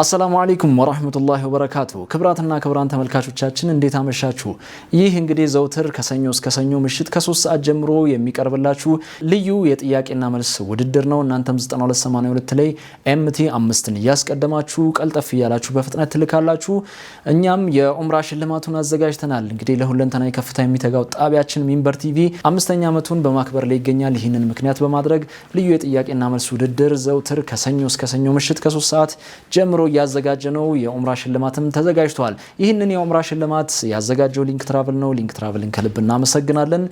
አሰላሙ አለይኩም ወራህመቱላሂ ወበረካቱ። ክብራትና ክብራን ተመልካቾቻችን እንዴት አመሻችሁ? ይህ እንግዲህ ዘውትር ከሰኞ እስከ ሰኞ ምሽት ከሶስት ሰዓት ጀምሮ የሚቀርብላችሁ ልዩ የጥያቄና መልስ ውድድር ነው። እናንተም 9282 ላይ ኤምቲ አምስትን እያስቀደማችሁ ቀልጠፍ እያላችሁ በፍጥነት ትልካላችሁ። እኛም የኡምራ ሽልማቱን አዘጋጅተናል። እንግዲህ ለሁለንተናዊ ከፍታ የሚተጋው ጣቢያችን ሚንበር ቲቪ አምስተኛ ዓመቱን በማክበር ላይ ይገኛል። ይህንን ምክንያት በማድረግ ልዩ የጥያቄና መልስ ውድድር ዘውትር ከሰኞ እስከ ሰኞ ምሽት ከሶስት ሰዓት ጀምሮ ጨምሮ እያዘጋጀ ነው። የኡምራ ሽልማትም ተዘጋጅቷል። ይህንን የኡምራ ሽልማት ያዘጋጀው ሊንክ ትራቭል ነው። ሊንክ ትራቭልን ከልብ እናመሰግናለን።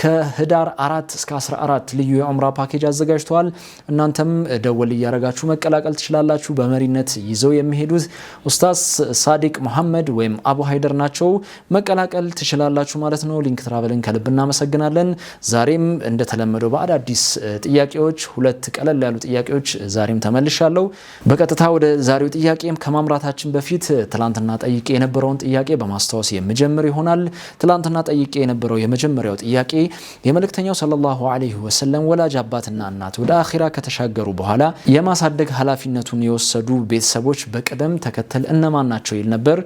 ከህዳር አራት እስከ 14 ልዩ የኡምራ ፓኬጅ አዘጋጅተዋል። እናንተም ደወል እያደረጋችሁ መቀላቀል ትችላላችሁ። በመሪነት ይዘው የሚሄዱት ኡስታዝ ሳዲቅ መሐመድ ወይም አቡ ሀይደር ናቸው። መቀላቀል ትችላላችሁ ማለት ነው። ሊንክ ትራቭልን ከልብ እናመሰግናለን። ዛሬም እንደተለመደው በአዳዲስ ጥያቄዎች ሁለት ቀለል ያሉ ጥያቄዎች ዛሬም ተመልሻለሁ። በቀጥታ ወደ ዛሬው ጥያቄም ከማምራታችን በፊት ትላንትና ጠይቄ የነበረውን ጥያቄ በማስታወስ የምጀምር ይሆናል። ትላንትና ጠይቄ የነበረው የመጀመሪያው ጥያቄ የመልእክተኛው ሰለላሁ ዐለይሂ ወሰለም ወላጅ አባትና እናት ወደ አኺራ ከተሻገሩ በኋላ የማሳደግ ኃላፊነቱን የወሰዱ ቤተሰቦች በቅደም ተከተል እነማን ናቸው ይል ነበር።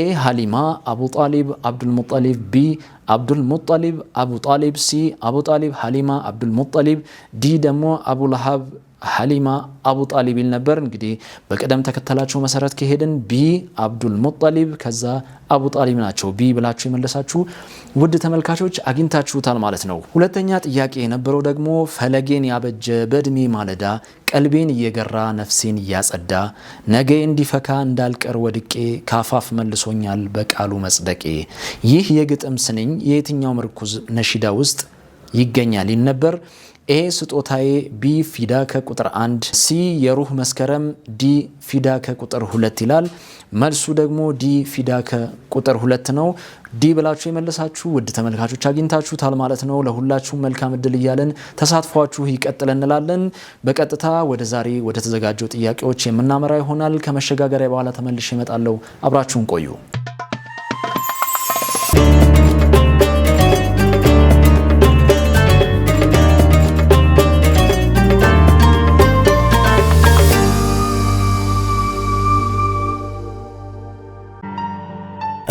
ኤ ሀሊማ፣ አቡ ጣሊብ፣ አብዱልሙጠሊብ ቢ አብዱልሙጠሊብ፣ አቡ ጣሊብ ሲ አቡ ጣሊብ፣ ሀሊማ፣ አብዱልሙጠሊብ ዲ ደግሞ አቡ ለሃብ ሀሊማ አቡ ጣሊብ ነበር። እንግዲህ በቅደም ተከተላቸው መሰረት ከሄድን ቢ አብዱል ሙጠሊብ ከዛ አቡ ጣሊብ ናቸው። ቢ ብላችሁ የመለሳችሁ ውድ ተመልካቾች አግኝታችሁታል ማለት ነው። ሁለተኛ ጥያቄ የነበረው ደግሞ ፈለጌን ያበጀ በእድሜ ማለዳ ቀልቤን እየገራ ነፍሴን እያጸዳ ነገ እንዲፈካ እንዳልቀር ወድቄ ካፋፍ መልሶኛል በቃሉ መጽደቄ። ይህ የግጥም ስንኝ የየትኛው ምርኩዝ ነሺዳ ውስጥ ይገኛል ይል ነበር። ኤ ስጦታዬ፣ ቢ ፊዳ ከቁጥር አንድ ሲ የሩህ መስከረም፣ ዲ ፊዳ ከቁጥር ሁለት ይላል። መልሱ ደግሞ ዲ ፊዳ ከቁጥር ሁለት ነው። ዲ ብላችሁ የመለሳችሁ ውድ ተመልካቾች አግኝታችሁታል ማለት ነው። ለሁላችሁም መልካም እድል እያለን ተሳትፏችሁ ይቀጥል እንላለን። በቀጥታ ወደ ዛሬ ወደ ተዘጋጀው ጥያቄዎች የምናመራ ይሆናል። ከመሸጋገሪያ በኋላ ተመልሼ እመጣለሁ። አብራችሁን ቆዩ።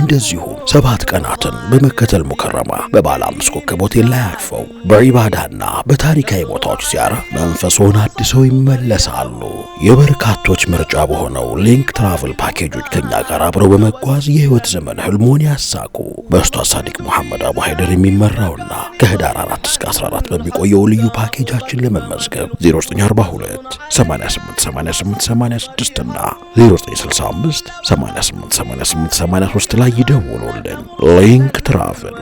እንደዚሁ ሰባት ቀናትን በመከተል ሙከረማ በባለ አምስት ኮከብ ሆቴል ላይ አርፈው በዒባዳና በታሪካዊ ቦታዎች ሲያራ መንፈሶን አድሰው ይመለሳሉ። የበርካቶች ምርጫ በሆነው ሊንክ ትራቭል ፓኬጆች ከኛ ጋር አብረው በመጓዝ የህይወት ዘመን ህልሞን ያሳቁ። በስቷ ሳዲቅ መሐመድ አቡ ሀይደር የሚመራውና ከህዳር 4 እስከ 14 በሚቆየው ልዩ ፓኬጃችን ለመመዝገብ 0942 86 እና 0965 83 ላይ ይደውሉልን። ሊንክ ትራቭል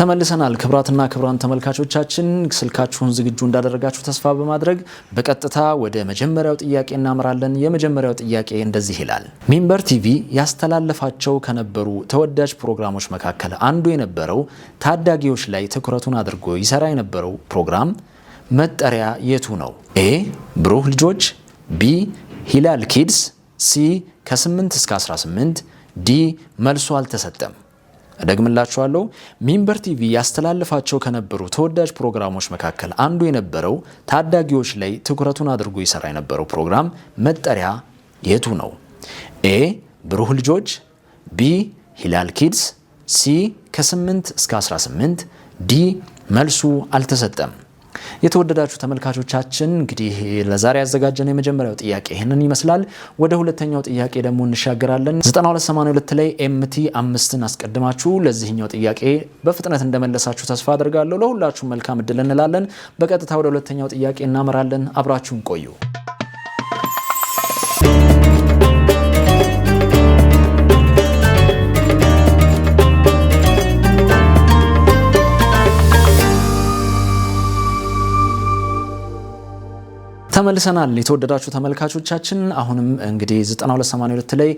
ተመልሰናል። ክብራትና ክብራን ተመልካቾቻችን ስልካችሁን ዝግጁ እንዳደረጋችሁ ተስፋ በማድረግ በቀጥታ ወደ መጀመሪያው ጥያቄ እናምራለን። የመጀመሪያው ጥያቄ እንደዚህ ይላል። ሚንበር ቲቪ ያስተላለፋቸው ከነበሩ ተወዳጅ ፕሮግራሞች መካከል አንዱ የነበረው ታዳጊዎች ላይ ትኩረቱን አድርጎ ይሰራ የነበረው ፕሮግራም መጠሪያ የቱ ነው? ኤ ብሩህ ልጆች፣ ቢ ሂላል ኪድስ፣ ሲ ከ8 እስከ 18፣ ዲ መልሶ አልተሰጠም። እደግምላችኋለሁ። ሚንበር ቲቪ ያስተላልፋቸው ከነበሩ ተወዳጅ ፕሮግራሞች መካከል አንዱ የነበረው ታዳጊዎች ላይ ትኩረቱን አድርጎ ይሰራ የነበረው ፕሮግራም መጠሪያ የቱ ነው? ኤ ብሩህ ልጆች፣ ቢ ሂላል ኪድስ፣ ሲ ከ8 እስከ 18፣ ዲ መልሱ አልተሰጠም። የተወደዳችሁ ተመልካቾቻችን እንግዲህ ለዛሬ ያዘጋጀነው የመጀመሪያው ጥያቄ ይህንን ይመስላል። ወደ ሁለተኛው ጥያቄ ደግሞ እንሻገራለን። 9282 ላይ ኤምቲ አምስትን አስቀድማችሁ ለዚህኛው ጥያቄ በፍጥነት እንደመለሳችሁ ተስፋ አድርጋለሁ። ለሁላችሁም መልካም እድል እንላለን። በቀጥታ ወደ ሁለተኛው ጥያቄ እናመራለን። አብራችሁን ቆዩ። ተመልሰናል የተወደዳችሁ ተመልካቾቻችን። አሁንም እንግዲህ 9282 ላይ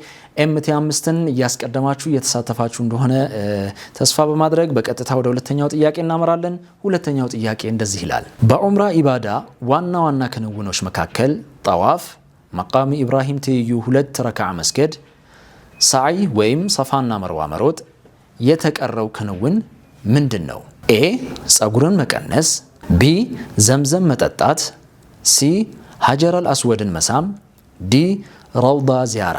ኤምቲ አምስትን እያስቀደማችሁ እየተሳተፋችሁ እንደሆነ ተስፋ በማድረግ በቀጥታ ወደ ሁለተኛው ጥያቄ እናመራለን። ሁለተኛው ጥያቄ እንደዚህ ይላል። በዑምራ ኢባዳ ዋና ዋና ክንውኖች መካከል ጠዋፍ፣ መቃሚ ኢብራሂም ትይዩ ሁለት ረክዓ መስገድ፣ ሳይ ወይም ሰፋና መርዋ መሮጥ የተቀረው ክንውን ምንድን ነው? ኤ ጸጉርን መቀነስ፣ ቢ ዘምዘም መጠጣት ሲ ሀጀር አስወድን መሳም፣ ዲ ረውዳ ዚያራ።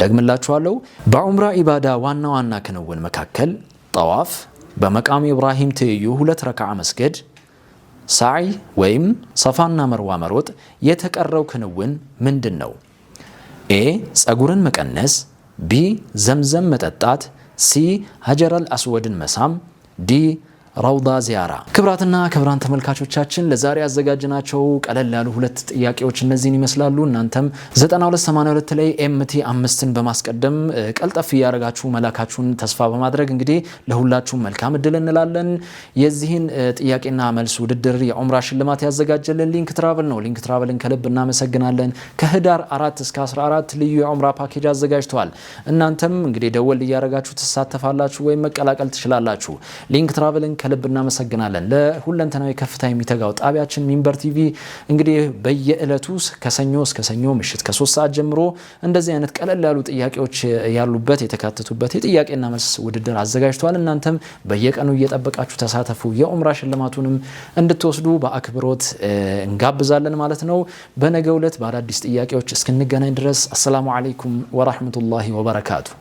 ደግምላችኋለሁ። በዑምራ ኢባዳ ዋና ዋና ክንውን መካከል ጠዋፍ፣ በመቃም ኢብራሂም ትይዩ ሁለት ረክዓ መስገድ፣ ሳዕይ ወይም ሰፋና መርዋ መሮጥ የተቀረው ክንውን ምንድን ነው? ኤ ጸጉርን መቀነስ፣ ቢ ዘምዘም መጠጣት፣ ሲ ሀጀር አስወድን መሳም፣ ዲ ራውዳ ዚያራ። ክብራትና ክብራን ተመልካቾቻችን ለዛሬ ያዘጋጅናቸው ቀለል ያሉ ሁለት ጥያቄዎች እነዚህን ይመስላሉ። እናንተም 9282 ላይ ኤምቲ አምስትን በማስቀደም ቀልጠፍ እያደረጋችሁ መላካችሁን ተስፋ በማድረግ እንግዲህ ለሁላችሁም መልካም እድል እንላለን። የዚህን ጥያቄና መልስ ውድድር የዑምራ ሽልማት ያዘጋጀልን ሊንክ ትራቨል ነው። ሊንክ ትራቨልን ከልብ እናመሰግናለን። ከህዳር 4 እስከ 14 ልዩ የዑምራ ፓኬጅ አዘጋጅተዋል። እናንተም እንግዲህ ደወል እያደረጋችሁ ትሳተፋላችሁ ወይም መቀላቀል ትችላላችሁ። ሊንክ ትራቨልን ከልብ እናመሰግናለን። ለሁለንተናዊ ከፍታ የሚተጋው ጣቢያችን ሚንበር ቲቪ እንግዲህ በየዕለቱ ከሰኞ እስከ ሰኞ ምሽት ከሶስት ሰዓት ጀምሮ እንደዚህ አይነት ቀለል ያሉ ጥያቄዎች ያሉበት የተካተቱበት የጥያቄና መልስ ውድድር አዘጋጅቷል እናንተም በየቀኑ እየጠበቃችሁ ተሳተፉ። የኡምራ ሽልማቱንም እንድትወስዱ በአክብሮት እንጋብዛለን ማለት ነው። በነገው ዕለት በአዳዲስ ጥያቄዎች እስክንገናኝ ድረስ አሰላሙ አለይኩም ወራህመቱላሂ ወበረካቱ።